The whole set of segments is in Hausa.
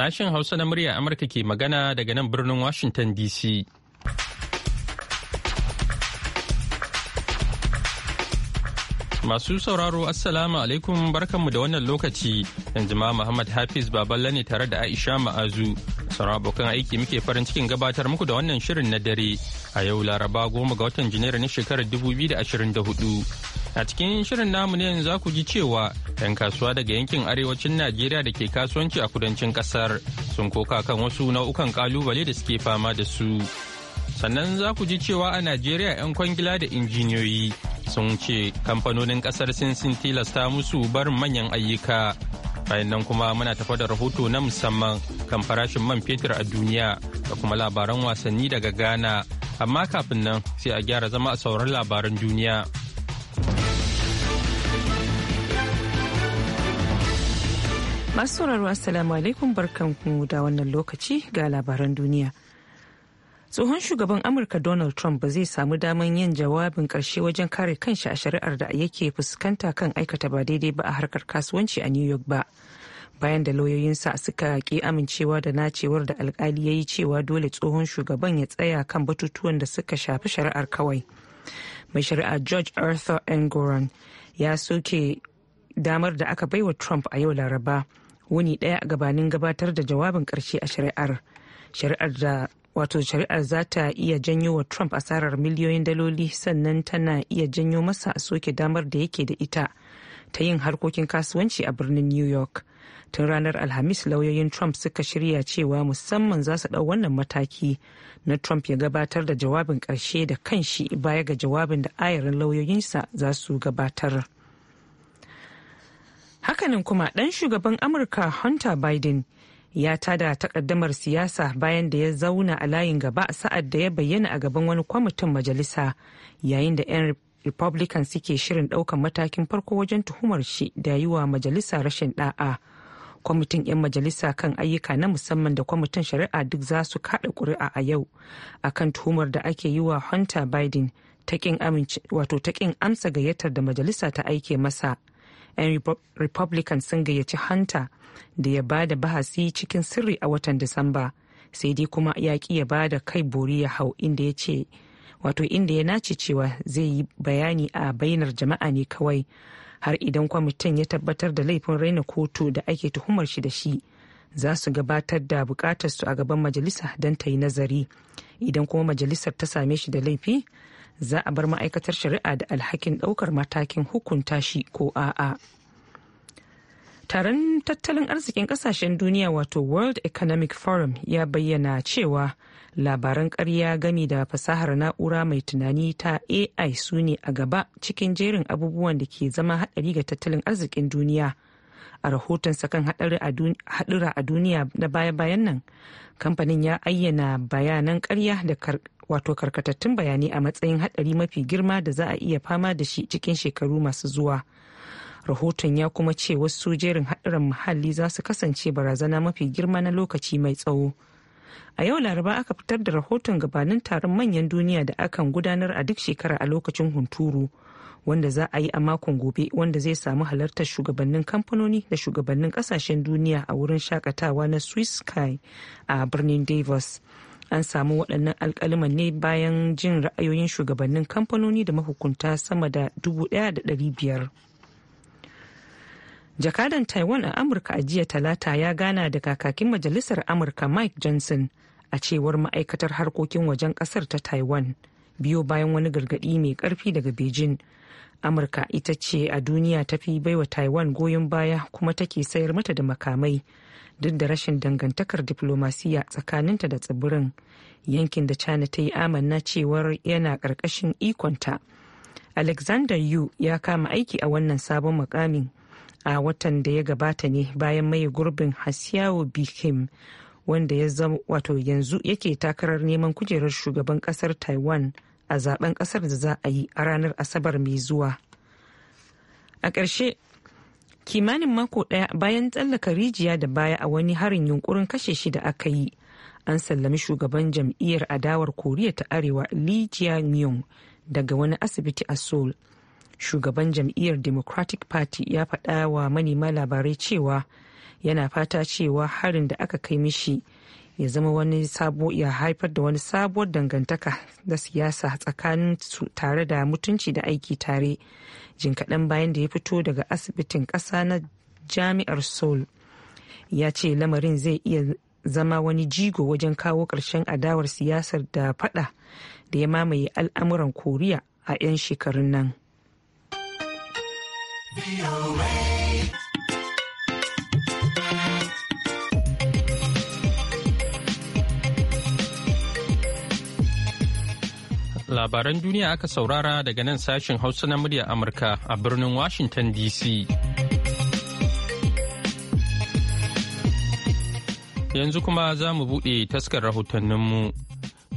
Sashen Hausa na murya Amurka ke magana daga nan birnin Washington DC. Masu sauraro Assalamu alaikum barkanmu da wannan lokaci yanzu ma Muhammad Hafiz Baballe ne tare da Aisha Ma'azu sauran abokan aiki muke farin cikin gabatar muku da wannan shirin na dare a yau laraba goma ga watan janairu na shekarar da da hudu a cikin shirin namu ne yanzu ku ji cewa 'yan kasuwa daga yankin arewacin najeriya da ke kasuwanci a kudancin kasar sun koka kan wasu nau'ukan kalubale da suke fama da su sannan za ku ji cewa a najeriya 'yan kwangila da injiniyoyi sun ce kamfanonin kasar sun sun tilasta musu barin manyan ayyuka bayan nan kuma muna tafa da rahoto na musamman kan farashin man fetur a duniya da kuma labaran wasanni daga ghana amma kafin nan sai a gyara zama a sauran labaran duniya masu sauraro assalamu alaikum barkanku da wannan lokaci ga labaran duniya tsohon shugaban amurka donald trump ba zai samu daman yin jawabin karshe wajen kare kanshi a shari'ar da yake fuskanta kan aikata ba daidai ba a harkar kasuwanci a new york ba bayan da lauyoyinsa suka ki amincewa da nacewar da alkali ya yi cewa dole tsohon shugaban ya tsaya kan batutuwan da suka shafi shari'ar kawai mai shari'a george arthur engoron ya soke damar da aka baiwa trump a yau laraba wuni daya gabanin gabatar da jawabin karshe a shari'ar shari'ar da wato shari'ar za ta iya janyo wa trump asarar miliyoyin daloli sannan tana iya janyo masa a soke damar da yake da ita ta yin harkokin kasuwanci a birnin new york tun ranar alhamis lauyoyin trump suka shirya cewa musamman za su dau wannan mataki na trump ya gabatar da jawabin ƙarshe da kanshi baya ga jawabin da ayarin lauyoyinsa za su gabatar hakanan kuma dan shugaban amurka hunter biden ya tada takaddamar siyasa bayan da ya zauna a layin gaba a sa'ad da ya bayyana a gaban wani kwamitin majalisa yayin da 'yan republican suke shirin daukan matakin farko wajen tuhumar shi da yi wa majalisa rashin da'a kwamitin 'yan majalisa kan ayyuka na musamman da kwamitin shari'a duk za su kada kuri'a a yau akan tuhumar da ake yi wa hunter biden ta kin amsa gayyatar da majalisa ta aike masa 'yan republican sun gayyaci hunter da ya bada bahasi cikin sirri a watan Disamba sai dai kuma ya ki ya bada kai bori ya hau inda ya ce wato inda ya nace cewa zai yi bayani a bainar jama'a ne kawai har idan kwamitin ya tabbatar da laifin raina kotu da ake tuhumar shi da shi za su gabatar da bukatar su a gaban majalisa don ta yi nazari idan kuma majalisar ta same shi da laifi za a bar ma'aikatar shari'a da alhakin ɗaukar matakin hukunta shi ko a'a. Taron tattalin arzikin kasashen duniya wato World Economic Forum ya bayyana cewa labaran karya gami da fasahar na'ura mai tunani ta AI su ne a gaba cikin jerin abubuwan da ke zama haɗari ga tattalin arzikin duniya. A rahoton kan haɗura a duniya na baya-bayan nan, kamfanin ya ayyana bayanan karya da wato karkatattun bayanai a matsayin haɗari mafi girma da za a iya fama da shi cikin shekaru masu zuwa. rahoton ya kuma ce wasu jerin haɗuran muhalli za su kasance barazana mafi girma na lokaci mai tsawo a yau laraba aka fitar da rahoton gabanin taron manyan duniya da akan gudanar a duk shekara a lokacin hunturu wanda za a yi a makon gobe wanda zai samu halartar shugabannin kamfanoni da shugabannin kasashen duniya a wurin shakatawa na swiss sky a birnin davos an samu waɗannan alkaliman ne bayan jin ra'ayoyin shugabannin kamfanoni da mahukunta sama da 1,500 jakadan taiwan a amurka a jiya talata ya gana da kakakin majalisar amurka mike johnson a cewar ma'aikatar harkokin wajen kasar ta taiwan biyo bayan wani gargadi mai karfi daga beijing amurka ita ce a duniya ta fi baiwa taiwan goyon baya kuma take sayar mata da makamai duk da rashin dangantakar diplomasiya tsakaninta da tsibirin yankin da china ta yi amanna cewar yana karkashin ikonta alexander yu ya kama aiki a wannan sabon mukamin a watan da ya gabata ne bayan mai gurbin hasiyawo bikim wanda ya zama wato yanzu yake takarar neman kujerar shugaban kasar taiwan a zaben kasar da za a yi a ranar asabar mai zuwa a ƙarshe kimanin mako ɗaya bayan tsallaka rijiya da baya a wani harin yunkurin kashe shi da aka yi an sallami shugaban jam'iyyar adawar koriya ta arewa lee jae daga wani asibiti a seoul shugaban jam'iyyar democratic party ya faɗa wa manema labarai cewa yana fata cewa harin da aka kai mishi ya zama wani sabo ya haifar da wani sabuwar dangantaka da siyasa tsakanin su tare da mutunci da aiki tare jin kaɗan bayan da ya fito daga asibitin ƙasa na jami'ar seoul ya ce lamarin zai iya zama wani jigo wajen kawo ƙarshen adawar siyasar da fada da ya mamaye al'amuran koriya a 'yan shekarun nan Labaran duniya aka saurara daga nan sashen Hausa na murya Amurka a birnin Washington DC. Yanzu kuma za mu buɗe taskar rahotanninmu.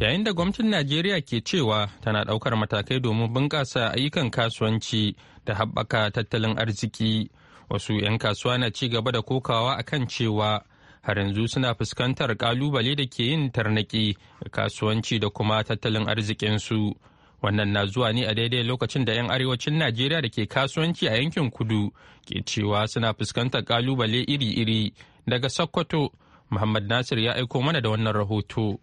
Yayin da gwamnatin Najeriya ke cewa tana ɗaukar matakai domin bunƙasa ayyukan kasuwanci. da haɓaka tattalin arziki wasu 'yan kasuwa na ci gaba da kokawa a kan cewa har yanzu suna fuskantar kalubale da ke yin tarnaki kasuwanci da kuma tattalin arzikinsu wannan na zuwa ne a daidai lokacin da 'yan arewacin najeriya da ke kasuwanci a yankin kudu ke cewa suna fuskantar kalubale iri-iri daga sokoto muhammad nasir ya aiko mana da wannan rahoto.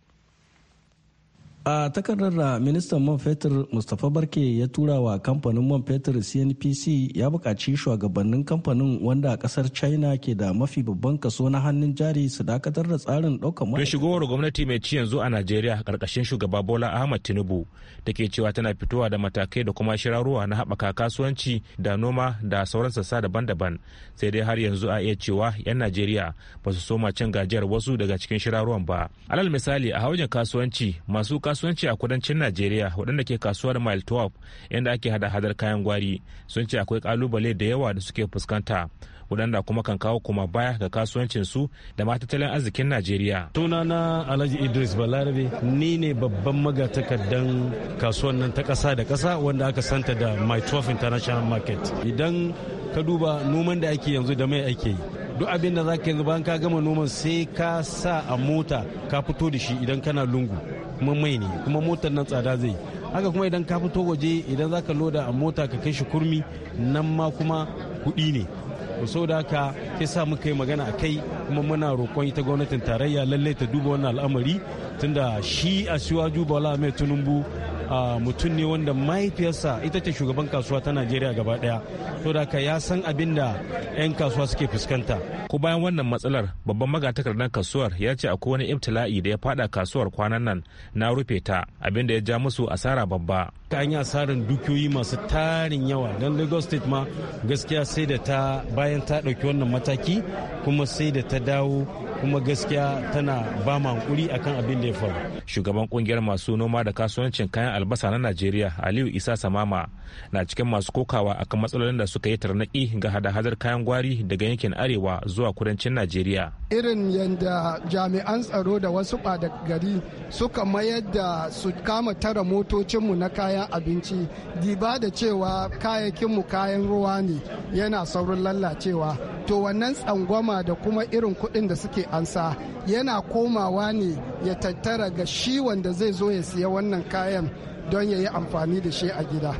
a takardar da ministan man fetur mustapha barke ya tura wa kamfanin man fetur cnpc ya buƙaci shugabannin kamfanin wanda ƙasar china ke da mafi babban kaso na hannun jari su dakatar da tsarin ɗaukar mai shigowar gwamnati mai ci yanzu a najeriya ƙarƙashin shugaba bola ahmad tinubu da ke cewa tana fitowa da matakai da kuma shirarwa na haɓaka kasuwanci da noma da sauran sassa daban-daban sai dai har yanzu a iya cewa 'yan najeriya ba su soma cin gajiyar wasu daga cikin shirarruwan ba alal misali a haujin kasuwanci masu kasuwanci a kudancin najeriya waɗanda ke kasuwar mile 12 inda ake hada hadar kayan gwari sun ce akwai kalubale da yawa da suke fuskanta waɗanda kuma kan kawo kuma baya ga kasuwancin su da ma tattalin arzikin Najeriya. na Alhaji Idris Balarabe ni ne babban magatakardan kasuwan nan ta kasa da kasa wanda aka santa da My 12 International Market. Idan ka duba noman da ake yanzu da mai ake yi duk abin da zaka yanzu bayan ka gama noman sai ka sa a mota ka fito da shi idan kana lungu kuma mai ne kuma motar nan tsada zai haka kuma idan ka fito waje idan zaka loda a mota ka kai shi kurmi nan ma kuma kuɗi ne so da haka ke sa muka yi magana a kai kuma muna roƙon ita gwamnatin tarayya lallai ta duba wannan al'amari tunda shi a shiwaju bala mai tunumbu mutum ne wanda mahaifiyarsa ita ce shugaban kasuwa ta najeriya gaba daya so da ya san abin da 'yan kasuwa suke fuskanta ko bayan wannan matsalar babban magatakardar kasuwar ya ce akwai wani ibtila'i da ya fada kasuwar kwanan nan na rufe ta abin da ya ja musu asara babba ta yi asarin dukiyoyi masu tarin yawa don lagos state ma gaskiya sai da ta bayan ta ɗauki wannan mataki kuma sai da ta dawo kuma gaskiya tana ba ma hankuri akan abin da ya faru shugaban kungiyar masu noma da kasuwancin kayan albasa na najeriya aliyu isa samama na cikin masu kokawa akan matsalolin da suka yi tarnaki ga hada-hadar kayan gwari daga yankin arewa zuwa kudancin najeriya irin yadda jami'an tsaro da wasu ɓada gari suka mayar da su kama tara motocinmu na kaya kayan abinci diba da cewa mu kayan ruwa ne yana saurin lallacewa to wannan tsangwama da kuma irin kuɗin da suke ansa yana komawa ne ya tattara ga shi wanda zai zo ya siya wannan kayan don ya yi amfani da shi a gida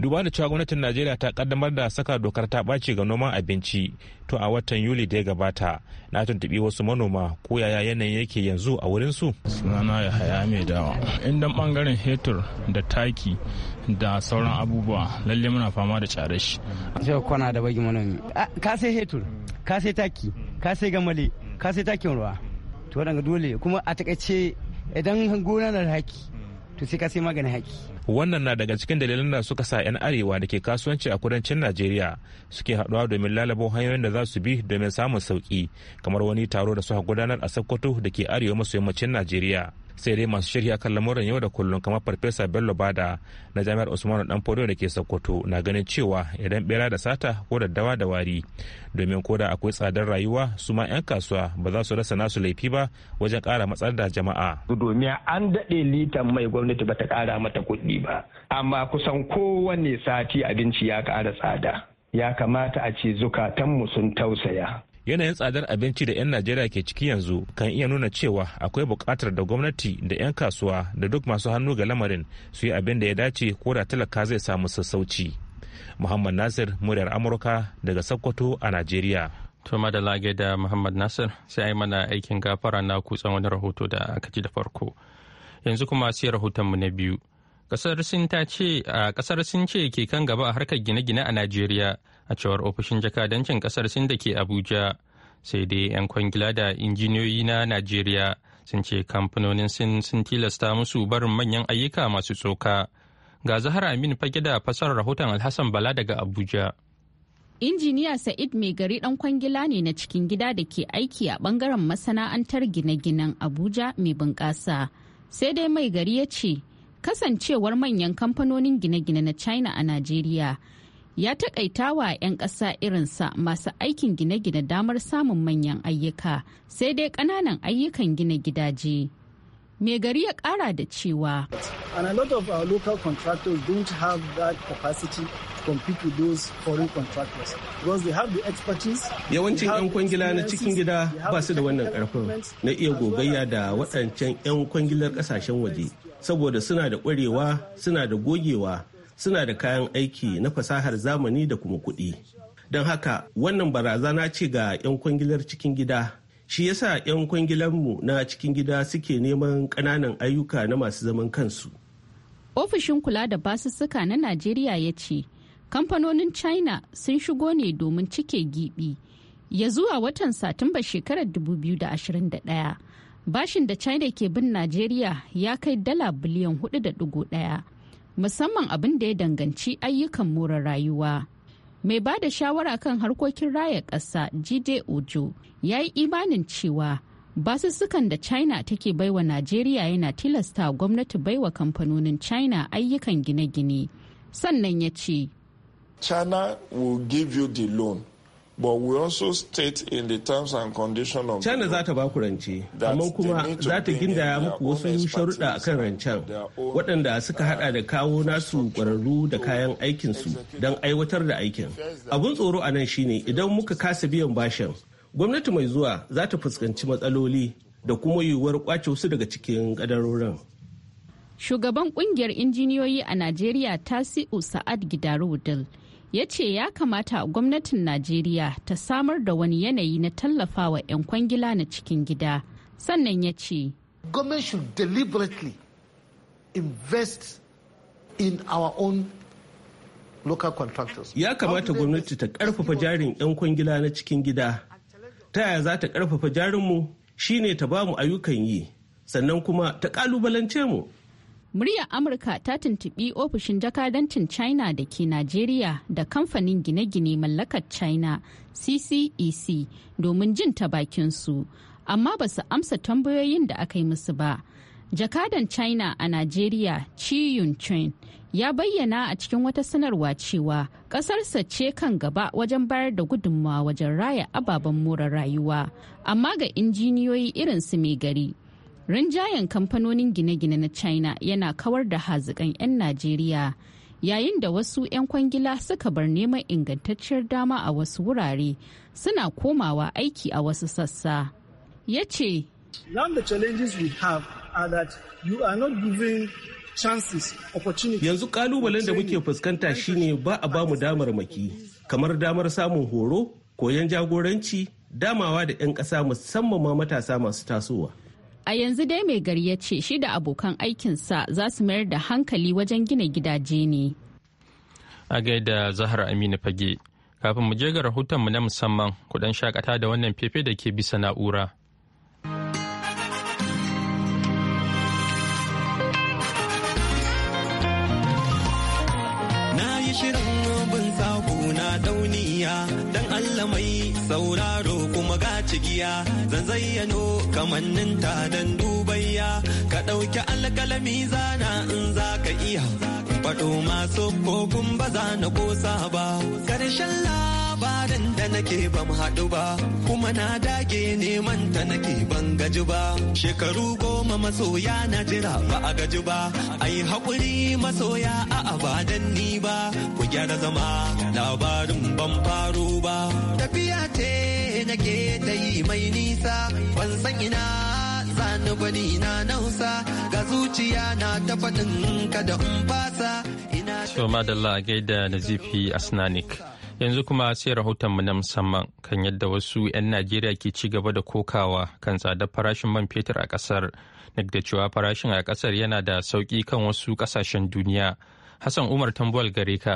duba da cewa gwamnatin najeriya ta kaddamar da saka dokar ta ɓaci ga noman abinci to a watan yuli da ya gabata na tuntuɓi wasu manoma ko yaya yanayin yake yanzu a wurin su sunana ya haya mai dawa inda bangaren hetur da taki da sauran abubuwa lalle muna fama da care shi sai kwana da bagi manomi ka sai hetur ka sai taki ka sai gamale ka sai takin ruwa to waɗanda dole kuma a takaice idan gona na haki to sai ka sai maganin haki wannan na daga cikin dalilan da suka sa 'yan arewa da ke kasuwanci a kudancin najeriya suke haduwa domin lalabo hanyoyin da za su bi domin samun sauki kamar wani taro da suka gudanar a sokoto da ke arewa maso yammacin najeriya sai dai masu shirya kan lamuran yau da kullum kamar farfesa bello bada na jami'ar usmanu dan fodo da ke sokoto na ganin cewa idan bera da sata ko da dawa da wari domin ko da akwai tsadar rayuwa su ma 'yan kasuwa ba za su rasa nasu laifi ba wajen kara matsar da jama'a. domin an daɗe litan mai gwamnati ba ta kara mata kuɗi ba amma kusan kowanne sati abinci ya kara tsada ya kamata a ce zukatanmu sun tausaya yanayin tsadar abinci da 'yan najeriya ke ciki yanzu kan iya nuna cewa akwai bukatar da gwamnati da 'yan kasuwa da duk masu hannu ga lamarin su yi abin da ya dace ko da talaka zai samu sassauci muhammad nasir muryar amurka daga sokoto a najeriya to madala da muhammad nasir sai a yi mana aikin gafara na kutsan wani rahoto da aka ji da farko yanzu kuma sai rahotonmu na biyu Kasar Sin ta ce a kasar Sin ce ke kan gaba a harkar gine-gine a Najeriya a cewar ofishin jakadancin kasar Sin da ke Abuja. Sai dai 'yan kwangila da injiniyoyi na Najeriya sun ce kamfanonin Sin sun tilasta musu barin manyan ayyuka masu tsoka. Ga zahara Amin fage da fasar rahoton Alhassan Bala daga Abuja. Injiniya Sa'id mai gari dan kwangila ne na cikin gida da ke aiki a bangaren masana'antar gine-ginen Abuja mai bunƙasa. Sai dai mai gari ya ce, kasancewar manyan kamfanonin gine-gine na china a najeriya ya takaita wa 'yan ƙasa irinsa masu aikin gine-gine damar samun manyan ayyuka sai dai ƙananan ayyukan gina gidaje Mai gari ya kara da cewa. Yawancin 'yan kwangila na cikin gida ba su da wannan karfin na iya gogayya da waɗancan 'yan kwangilar ƙasashen waje saboda suna da ƙwarewa, suna da gogewa, suna da kayan aiki na fasahar zamani da kuma kuɗi. Don haka wannan barazana ce ga 'yan kwangilar cikin gida shi yasa 'yan kwangilanmu na cikin gida suke neman ƙananan ayyuka na masu zaman kansu ofishin kula da basussuka na najeriya ya ce kamfanonin china sun shigo ne domin cike gibi ya zuwa watan satumba shekarar 2021 bashin da china ke bin najeriya ya kai dala biliyan 4.1 musamman abin da ya danganci ayyukan more rayuwa mai ba da shawara kan harkokin raya ƙasa jide ojo ya yi imanin cewa basussukan da china take baiwa najeriya yana tilasta gwamnati baiwa kamfanonin china ayyukan gine-gine sannan ya ce china will give you the loan But we also state in the terms and conditions of China za ta ba ku rance, amma kuma za ta gindaya muku wasu sharuɗa a kan rancen waɗanda suka haɗa da kawo nasu ƙwararru da kayan aikinsu don aiwatar da aikin. Abun tsoro a nan shine idan muka kasa biyan bashin, gwamnati mai zuwa za ta fuskanci matsaloli da kuma yiwuwar ƙwace wasu daga cikin ƙadarorin. Shugaban ƙungiyar injiniyoyi a Najeriya Tasi'u Sa'ad Wudil. ya ce ya kamata gwamnatin Najeriya ta samar da wani yanayi na tallafawa 'yan kwangila na cikin gida. Sannan ya ce, invest in our Ya kamata gwamnati ta karfafa jarin 'yan kwangila na cikin gida. Ta yaya za ta karfafa jarinmu shine ta ba mu ayyukan yi, sannan kuma ta kalubalance mu muryar amurka ta tuntubi ofishin jakadancin china da ke najeriya da kamfanin gine-gine mallakar china ccec e domin jin ta bakin su amma ba su amsa tambayoyin da aka yi musu ba jakadan china a najeriya chi yun chen ya bayyana a cikin wata sanarwa cewa ƙasarsa ce kan gaba wajen bayar da gudunmawa wajen raya ababen more rayuwa amma ga injiniyoyi irinsu mai gari rinjayen kamfanonin gine-gine na china yana kawar da hazikan 'yan najeriya yayin da wasu 'yan kwangila suka bar neman ingantacciyar dama a wasu wurare suna komawa aiki a wasu sassa ya ce yanzu kalubalen da muke fuskanta shine ba a bamu damar maki kamar damar samun horo koyon jagoranci damawa da 'yan ƙasa musamman ma matasa masu tasowa A yanzu dai mai gari ya ce shi da abokan aikinsa za su mayar da hankali wajen gina gidaje ne. A gaida Zahar Aminu Fage, kafin mu je ga rahotonmu na musamman kudan shakata da wannan fefe da ke bisa na'ura. Na yi shirin bin sabu na dauniya, don Allah mai giya zan zayyano ta dan dubayya ka ɗauki alƙalami zana in za ka iya faɗo masu kokun ba za na kosa ba ƙarshen labarin da nake ban haɗu ba kuma na dage neman ta nake ban gaji ba shekaru goma masoya na jira ba a gaji ba ai haƙuri masoya a abadan ni ba ku gyara zama labarin ban faru ba tafiya te nake ta yi mai nisa ban san ina zani gwani na nausa ga zuciya na ta faɗin kada in fasa ina to madalla gaida nazifi asnanik yanzu kuma sai rahoton mu na musamman kan yadda wasu 'yan najeriya ke ci gaba da kokawa kan tsadar farashin man fetur a kasar duk da cewa farashin a kasar yana da sauki kan wasu kasashen duniya hassan umar tambuwal gare ka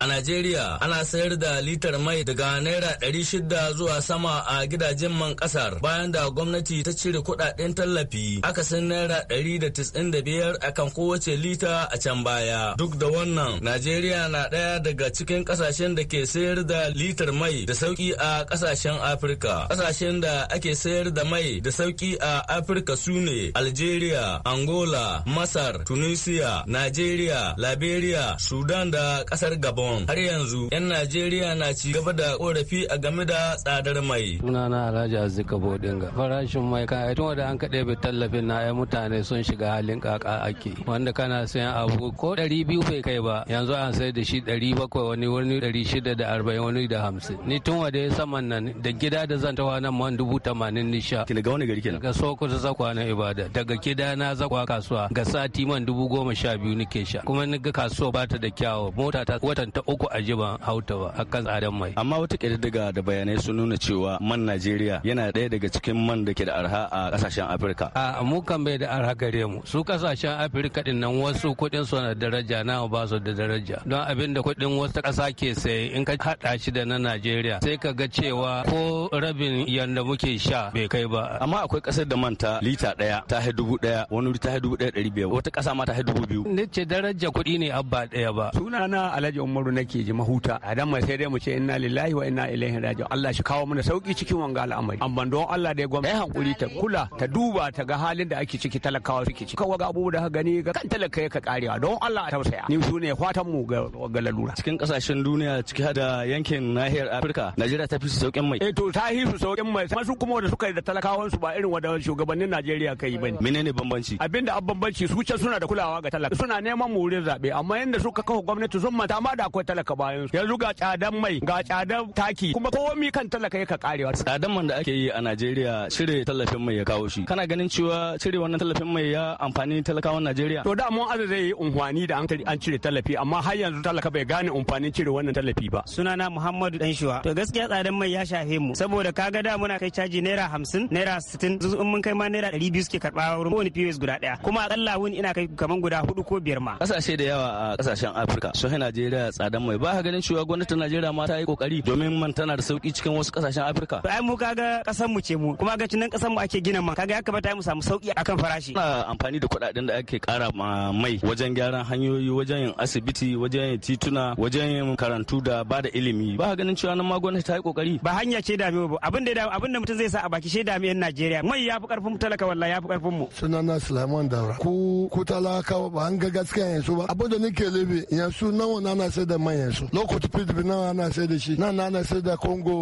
A Najeriya ana sayar da litar mai daga naira 600 zuwa sama a gidajen man kasar bayan da gwamnati ta cire kudaden tallafi aka san naira 195 kan kowace lita a can baya. Duk da wannan Najeriya na ɗaya daga cikin kasashen da ke sayar da litar mai da sauki a kasashen Afirka. Kasashen da ake sayar da mai da sauki a Afirka su ne Algeria, Angola, Masar, Tunisia, Najeriya, Liberia, Sudan da kasar Gabon. Gabon. Har yanzu 'yan Najeriya na ci gaba da korafi a game da tsadar mai. Sunana Alhaji Azika Bodinga. Farashin mai kan tun da an kaɗe bi tallafin na ya mutane sun shiga halin kaka ake. Wanda kana sayan abu ko ɗari biyu bai kai ba yanzu an sai da shi ɗari bakwai wani wani ɗari shida da arba'in wani da hamsin. Ni tun wanda saman nan da gida da zan tawa nan man dubu tamanin nisha. ga wani gari kenan? soko ta zakwa na Ibada. Daga gida na zakwa kasuwa. Ga sati man dubu goma sha biyu nike sha. Kuma ni ga kasuwa ba ta da kyawu. Mota ta watan ta uku a jiban hauta ba a kan tsadan mai amma wata ƙididdiga da bayanai sun nuna cewa man najeriya yana ɗaya daga cikin man da ke da arha a ƙasashen afirka a mu kan bai da arha gare mu su ƙasashen afirka ɗin nan wasu kuɗin su na daraja na ba su da daraja don abin da kuɗin wata ƙasa ke saye in ka haɗa shi da na najeriya sai ka ga cewa ko rabin yanda muke sha bai kai ba amma akwai ƙasar da manta lita ɗaya ta hai dubu ɗaya wani ta hai dubu ɗaya ɗari biyar wata ƙasa ma ta hai dubu biyu ni ce daraja kuɗi ne abba ɗaya ba sunana alhaji umaru kudu nake ji mahuta a dan mai sai dai mu ce inna lillahi wa inna ilaihi raji'un Allah shi kawo mana sauki cikin wanga al'amari amma don Allah da ya gwamnati ya hankuri ta kula ta duba ta ga halin da ake ciki talakawa suke ciki kawai ga abubuwa da gani ga kan talaka ya ka karewa don Allah a tausaya ni su ne fatan mu ga lalura cikin kasashen duniya ciki da yankin nahiyar Afirka Najeriya ta fi su saukin mai eh to ta fi su saukin mai masu kuma wanda suka yi da talakawan su ba irin wanda shugabannin Najeriya kai bane menene bambanci abinda abban bambanci su ce suna da kulawa ga talaka suna neman mu wurin zabe amma yanda suka kawo gwamnati sun manta ma da akwai talaka bayan su yanzu ga tsadan mai ga tsadan taki kuma komi kan talaka yake karewa tsadan man da ake yi a Najeriya cire tallafin mai ya kawo shi kana ganin cewa cire wannan tallafin mai ya amfani talakawan Najeriya to da mun aza zai yi unhwani da hankali an cire tallafi amma har yanzu talaka bai gane amfanin cire wannan tallafi ba sunana Muhammadu shuwa to gaskiya tsadan mai ya shafe mu saboda kaga da muna kai caji naira hamsin naira sittin in mun kai ma naira 200 suke karba wurin kowane POS guda daya kuma akalla wuni ina kai kaman guda hudu ko biyar ma kasashe da yawa a kasashen Afirka su Najeriya Adam mai ba ganin cewa gwamnatin Najeriya ma ta yi kokari domin man tana da sauki cikin wasu kasashen Afirka. Ai mu kaga kasar mu ce mu kuma ga cinan kasar mu ake gina man kaga ya kamata mu samu sauki akan farashi. Ana amfani da kuɗaɗen da ake ƙara mai wajen gyaran hanyoyi wajen yin asibiti wajen yin tituna wajen yin karantu da ba da ilimi ba ganin cewa nan ma gwamnati ta yi kokari. Ba hanya ce dame ba abin da abin da mutum zai sa a baki shi dame yan Najeriya mai ya fi karfin talaka wallahi ya fi karfin mu. Sunana Sulaiman Daura ku ku talaka ba an ga gaskiya yanzu ba abin da nake lebe yanzu nawa na na sai da man yanzu lokacin pdp na ana sai da shi nan ana sai da congo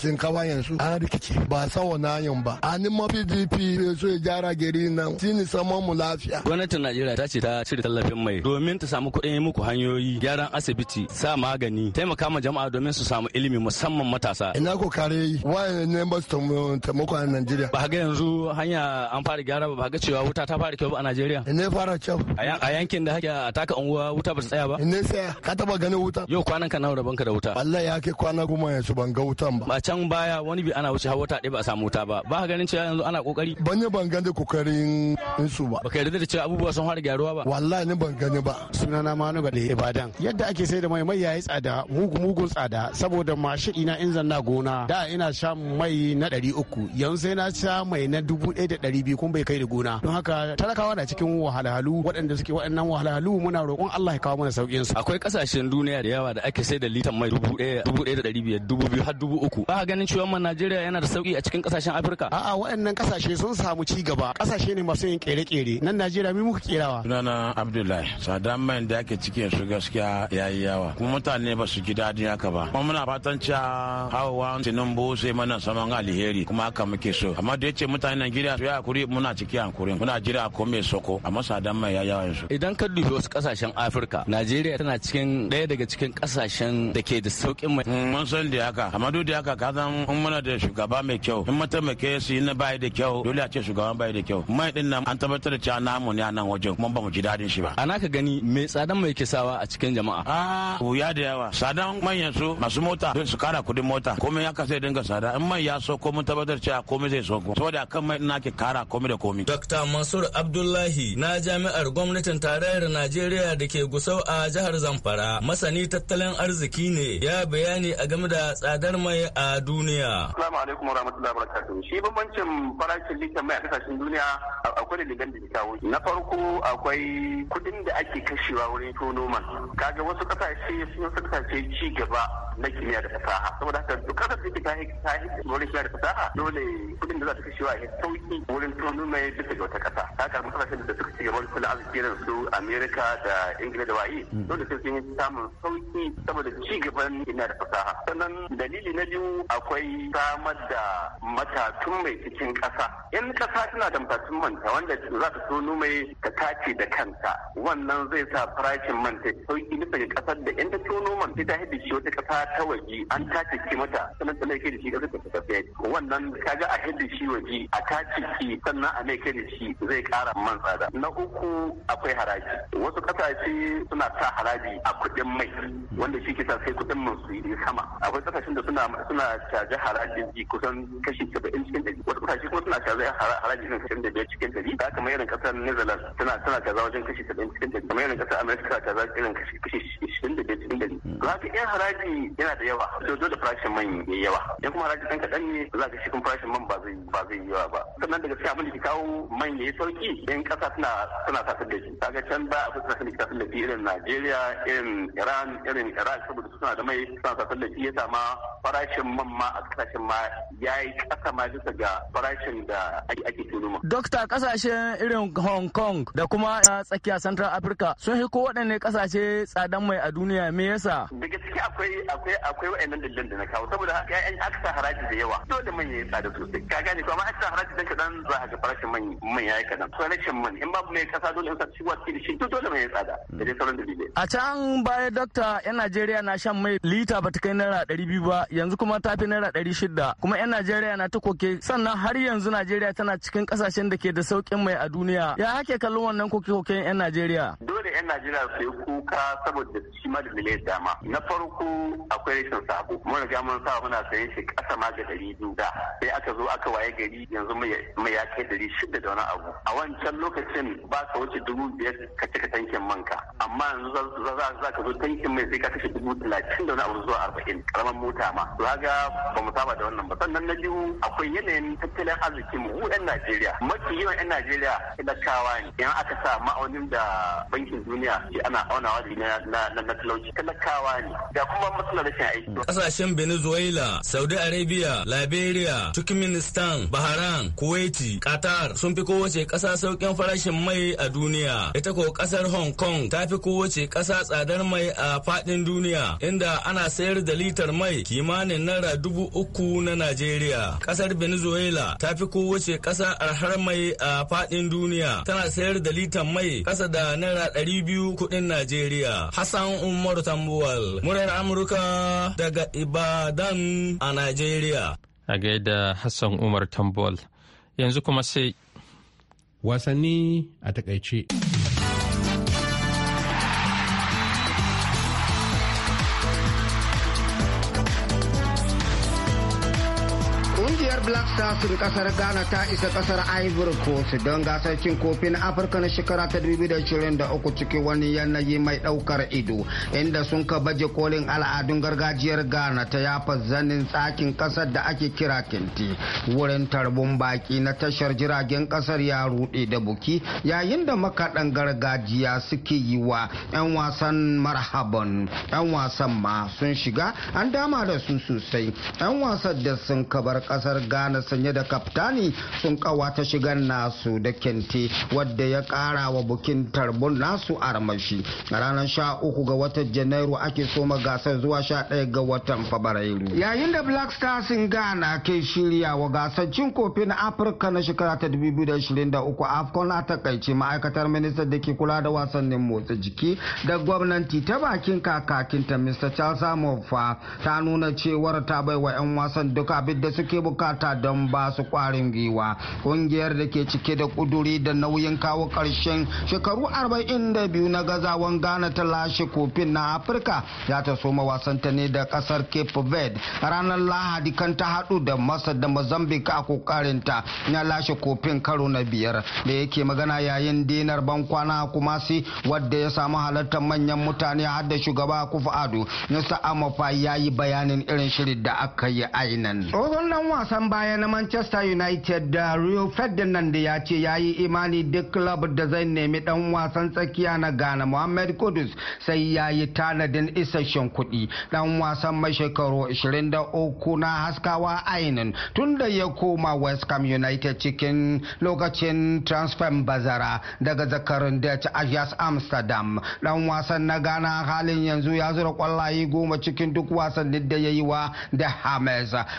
shinkawa yanzu an rikici ba sawa na hanyar ba a ma pdp so ya gyara gari nan shine saman mu lafiya gwamnatin najeriya ta ce ta cire tallafin mai domin ta samu kuɗin muku hanyoyi gyaran asibiti sa magani taimaka ma jama'a domin su samu ilimi musamman matasa ina ko kare yi waye ne ba su taimako a najeriya ba ga yanzu hanya an fara gyara ba ga cewa wuta ta fara kyau ba a najeriya ne fara kyau a yankin da haka a taka unguwa wuta ba su tsaya ba ne sai ka taba ba ganin wuta. Yau kwanan ka nawa rabon ka da wuta. Allah ya kai kwana goma yanzu ban ga wutan ba. A can baya wani bi ana wuce har wata ɗaya ba a samu wuta ba. Ba ka ganin cewa yanzu ana kokari. Ban yi ban gani kokarin in su ba. Baka yarda da cewa abubuwa sun fara gyaruwa ba. Wallahi ni ban gani ba. Sunana Manu Bade Ibadan. Yadda ake sai da mai mai yayi tsada mugu mugun tsada saboda mashi ina in zanna gona da ina sha mai na ɗari uku yanzu sai na sha mai na dubu ɗaya da ɗari biyu kun bai kai da gona. Don haka talakawa na cikin wahalhalu waɗanda suke waɗannan wahalhalu muna roƙon Allah ya kawo mana sauƙin su. Akwai ƙasashe kasashen duniya da yawa da ake sai da litan mai dubu ɗaya dubu ɗaya da ɗari biyar dubu biyu har dubu uku ba ganin cewa man najeriya yana da sauki a cikin ƙasashen afirka a'a waɗannan ƙasashe sun samu ci gaba ƙasashe ne masu yin ƙere-ƙere nan najeriya mu muka kerawa sunana abdullahi tsadan mai da ake cikin su gaskiya yayi yawa kuma mutane ba su ji daɗin haka ba kuma muna fatan cewa hawa tinubu sai mana saman alheri kuma haka muke so amma da yace mutane najeriya su ya hakuri muna ciki hankuri muna jira a kome soko amma tsadan mai ya yawa yanzu idan ka dubi wasu ƙasashen afirka najeriya tana cikin ɗaya daga cikin ƙasashen da ke da sauƙin mai. Mm, mun san da haka, amma duk da haka ka san in muna da shugaba mai kyau, in mataimake su yi na bayi da kyau, dole a ce shugaba bayi da kyau. Mai ɗin nan an tabbatar da cewa namu ne a nan wajen, kuma ba mu ji daɗin shi ba. Ana ka gani me tsadan mai kisawa a cikin jama'a. Ah, wuya da yawa. Tsadan manyan su masu mota don su kara kuɗin mota, komai ya kasa dinga tsada. In mai ya so ko mun tabbatar cewa komai zai so ko. Saboda akan mai ɗin ake kara komai da komai. Dokta Mansur Abdullahi na jami'ar gwamnatin tarayyar Najeriya da ke Gusau a jihar Zamfara. masani tattalin arziki ne ya bayani a game da tsadar mai a duniya. Assalamu alaikum warahmatullahi wabarakatuh. Shi bambancin farashin litan mai a kasashen duniya akwai dalilan da kawo. Na farko akwai kuɗin da ake kashewa wurin tono man. Kaga wasu kasashe sun wasu kasashe ci gaba na kimiyya da fasaha. Saboda haka duk ita ta yi ta yi fasaha dole kudin da za ta kashewa ya sauki wurin tono mai bisa wata kasa ta karbi kasashen da suka ci gaba kula arziki da su amerika da ingila da waye hmm. dole sai sun yi samun sauki saboda ci gaban ina da fasaha sannan dalili na biyu akwai samar da matatun mai cikin kasa in kasa tana da matatun manta wanda za ta tono mai ta tace da kanta wannan zai sa farashin manta sauki bisa kasar da in ta tono man ta hidda shi wata kasa ta waje an tace mata sannan sannan yake da shi kasar ta tafiya wannan kaga a hidda shi waje a tace ki sannan a mai kai da shi zai kara man tsada na uku akwai haraji wasu kasashe suna ta haraji a kuɗin mai wanda shi kisa sai kuɗin man su yi sama akwai kasashen da suna suna caji haraji ji kusan kashi saba'in cikin ɗari wasu kasashe kuma suna caji haraji na kashin da biyar cikin ɗari da kamar irin kasar Netherlands tana tana caza wajen kashi saba'in cikin ɗari kamar irin kasar America tana caza irin kashi kashi za yan eh, haraji yana da yawa to dole farashin man yayi yawa in kuma haraji ɗan kaɗan ne za ka cikin farashin man ba zai ba zai yawa ba sannan daga cikin abin da ke kawo man yayi yi sauki in ƙasa suna suna tasar da shi kaga can ba a suna suna tasar da irin Najeriya irin Iran irin Iraq saboda suna da mai suna tasar da shi ya sama farashin man ma a kasashen ma ya yi kasa ma bisa ga farashin da ake tuno dokta kasashen irin hong kong da kuma tsakiya central africa sun hiko waɗanne kasashe tsadan mai a duniya me yasa da gaske akwai akwai akwai wa'annan dalilan da na kawo saboda haka ya'yan aksa haraji da yawa dole man ya yi tsada sosai ka gane kuma aksa haraji dan kaɗan za ka ga farashin man man ya yi kaɗan farashin man in babu mai kasa dole in sa ciwa cikin shi dole man ya tsada da dai sauran dalilai a can baya dokta yan najeriya na shan mai lita ba ta kai naira ɗari biyu ba yanzu kuma ta fi naira ɗari shida kuma 'yan najeriya na ta koke sannan har yanzu najeriya tana cikin kasashen da ke da sauƙin mai a duniya ya hake kallon wannan koke-koken 'yan najeriya 'yan najeriya su yi kuka saboda shi ma da miliyan dama na farko akwai rashin sabo mun riga mun sa muna sayan shi kasa ma ga dari biyu da sai aka zo aka waye gari yanzu mai ya kai dari shida da wani abu a wancan lokacin ba ka wuce dubu biyar ka cika tankin manka amma yanzu za ka zo tankin mai sai ka kashe dubu talatin da wani abu zuwa arba'in karamar mota ma Za ga ba mu saba da wannan ba sannan na biyu akwai yanayin tattalin arziki mu 'yan najeriya mafi yawan 'yan najeriya talakawa ne idan aka sa ma'aunin da bankin duniya ana auna wa na talauci talakawa ne da kuma matsalar rashin aiki. Kasashen Venezuela, Saudi Arabia, Liberia, Turkmenistan, Bahrain, Kuwaiti, Qatar sun fi kowace kasa sauƙin farashin mai a duniya. Ita ko kasar Hong Kong ta fi kowace kasa tsadar mai a faɗin duniya inda ana sayar da litar mai kimanin naira dubu uku na Najeriya. kasar Venezuela ta fi kowace ƙasa arhar mai a faɗin duniya tana sayar da litar mai kasa da naira ɗari ɗari biyu kuɗin Najeriya. Hassan Umar Tambuwal, muryar Amurka daga Ibadan a Najeriya. A gaida Hassan Umar Tambuwal, yanzu kuma sai. Wasanni a takaice. sun kasar ghana ta isa kasar ivory coast don gasar cin kofin afirka na shekara ta 2023 cikin wani yanayi mai daukar ido inda sun ka baje kolin al'adun gargajiyar ghana ta yafa zanin tsakin kasar da ake kira kinti wurin tarbon baki na tashar jiragen kasar ya rude da buki yayin da makaɗan gargajiya suke yi wa 'yan wasan marhaban 'yan wasan ma sun shiga an dama da su sosai 'yan wasan da sun kabar kasar ghana sanye da kaftani sun kawata shigar nasu da kente wadda ya kara wa bukin tarbon nasu armashi a ranar sha uku ga watan janairu ake soma gasar zuwa sha ɗaya ga watan fabrairu yayin da black stars in ghana ke shirya wa gasar cin kofi na afirka na shekara ta 2023 afcon a takaice ma'aikatar ministan da ke kula da wasannin motsa jiki da gwamnati ta bakin kakakinta mr charles amofa ta nuna cewar ta bai wa 'yan wasan duk abin da suke bukata don don ba su kwarin gwiwa kungiyar da ke cike da kuduri da nauyin kawo karshen shekaru 42 na gazawan ghana ta lashe kofin na afirka ya ta soma wasanta ne da kasar cape verde ranar lahadi kan ta hadu da masa da mozambique a ta na lashe kofin karo na biyar da yake magana yayin dinar bankwana kumasi wadda ya samu halartar manyan mutane har da shugaba kufa ado nisa amafa ya yi bayanin irin shirin da aka yi ainihin tsohon wasan bayan na Manchester United da Rio Ferdinand ya ce ya yi imani duk club da zai nemi dan wasan tsakiya na Ghana Mohamed Kudus sai ya yi tanadin isasshen kuɗi. Dan wasan mai shekaru 23 na haskawa ainin tun da ya koma West Ham United cikin lokacin transfer bazara daga zakarin Dutch Ajax Amsterdam. Dan wasan na Ghana halin yanzu ya zura kwallaye goma cikin duk wasannin da ya yi wa da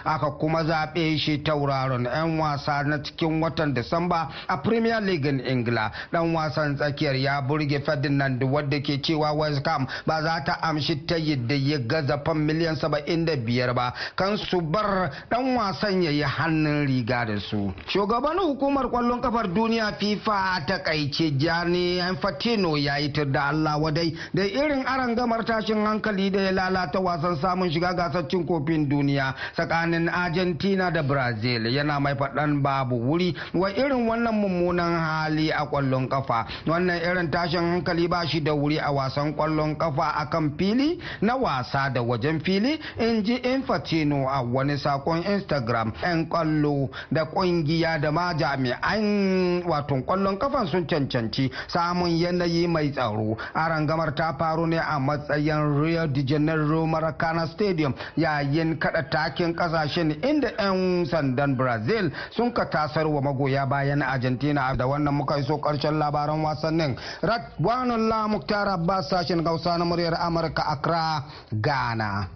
Aka kuma zaɓe shi ta tauraron 'yan wasa na cikin watan Disamba a Premier League in Ingila. Dan wasan tsakiyar ya burge Ferdinand wadda ke cewa West Ham ba za ta amshi ta yadda ya gaza fan miliyan 75 ba kan su bar dan wasan ya yi hannun riga da su. Shugaban hukumar kwallon kafar duniya FIFA ta kaice Gianni Infantino ya yi da Allah wadai da irin aran gamar tashin hankali da ya lalata wasan samun shiga gasar cin kofin duniya tsakanin Argentina da Brazil. brazil yana mai faɗan babu wuri wa irin wannan mummunan hali a kwallon kafa wannan irin tashin hankali ba shi da wuri a wasan kwallon kafa a kan fili na wasa da wajen fili in ji infantino a wani sakon instagram 'yan kwallo da ƙungiya da ma jami'an wato kwallon kafan sun cancanci samun yanayi mai tsaro a rangamar ta faru ne a matsayin rio de janeiro maracana stadium yayin kada takin ƙasashen inda 'yan sanda dan brazil sun ka tasar wa magoya bayan argentina da wannan muka iso karshen labaran wasannin radwanullah muktar ba sashen gausa na muryar amurka accra ghana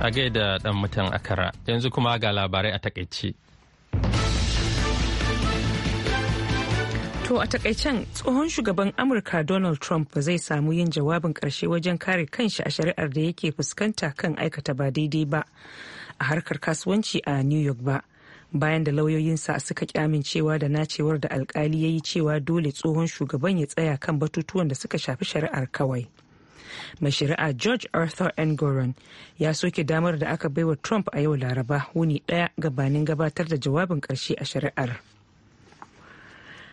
a gaida dan mutan akara yanzu kuma ga labarai a takaice To a takaicen tsohon shugaban Amurka Donald Trump ba zai samu yin jawabin karshe wajen kare kanshi a shari'ar da yake fuskanta kan aikata ba daidai ba a harkar kasuwanci a New York ba. Bayan da lauyoyinsa suka cewa da nacewar da alkali ya yi cewa dole tsohon shugaban ya tsaya kan batutuwan da suka shafi shari'ar kawai. mai shari'a george arthur engoron ya soke damar da aka baiwa trump a yau laraba wuni daya gabanin gabatar da jawabin ƙarshe a shari'ar.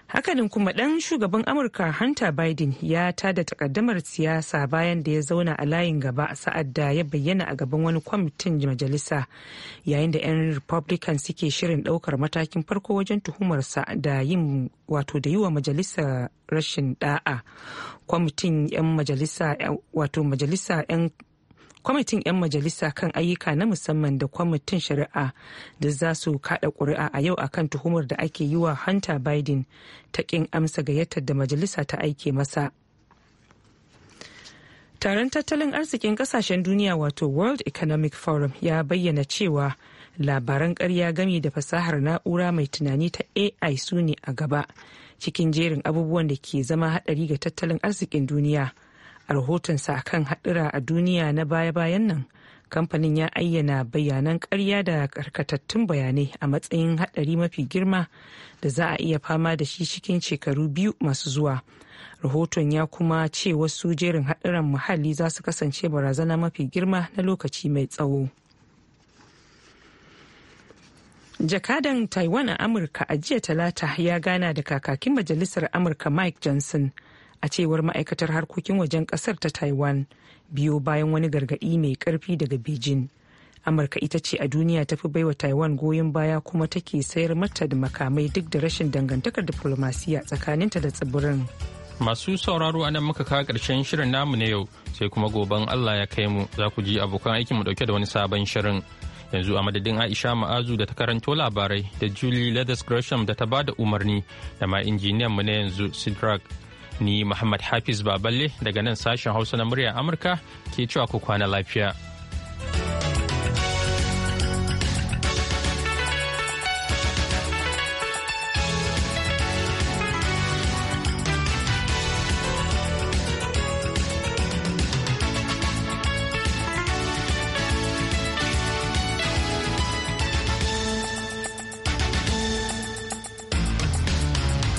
hakanin kuma ɗan shugaban amurka hunter biden ya tada takaddamar siyasa bayan da ya zauna a layin gaba sa'ad da ya bayyana a gaban wani kwamitin majalisa yayin da 'yan republican suke shirin ɗaukar matakin farko wajen tuhumarsa da yin wato da yi wa majalisa rashin da'a kwamitin 'yan majalisa wato majalisa 'yan kwamitin 'yan majalisa kan ayyuka na musamman da kwamitin shari'a da za su kada kuri'a a yau akan tuhumar da ake yi wa hunter biden ta kin amsa gayyatar da majalisa ta aike masa taron tattalin arzikin kasashen duniya wato world economic forum ya bayyana cewa labaran karya gami da fasahar na'ura mai tunani ta ai su ne a gaba cikin jerin abubuwan da ke zama hadari ga tattalin arzikin duniya. a rahotonsa kan haɗura a duniya na baya-bayan nan kamfanin ya ayyana bayanan karya da karkatattun bayanai a matsayin haɗari mafi girma da za a iya fama da shi cikin shekaru biyu masu zuwa rahoton ya kuma ce wasu jerin haɗuran muhalli za su kasance barazana mafi girma na lokaci mai tsawo jakadan taiwan a amurka a jiya talata ya gana da kakakin majalisar amurka mike johnson a cewar ma'aikatar harkokin wajen kasar ta taiwan biyo bayan wani gargaɗi mai ƙarfi daga beijing amurka ita ce a duniya tafi baiwa taiwan goyon baya kuma take sayar mata da makamai duk da rashin dangantakar diplomasiya tsakaninta da tsibirin masu sauraro anan muka kawo ƙarshen shirin namu na yau sai kuma goben allah ya kai mu za ku ji abokan aikin mu dauke da wani sabon shirin yanzu a madadin aisha ma'azu da ta karanto labarai da julie leathers gresham da ta bada umarni da ma injiniyan mu na yanzu sidrak Ni Muhammad Hafiz Baballe daga nan sashen Hausa na muryar Amurka ke cewa ku kwana lafiya.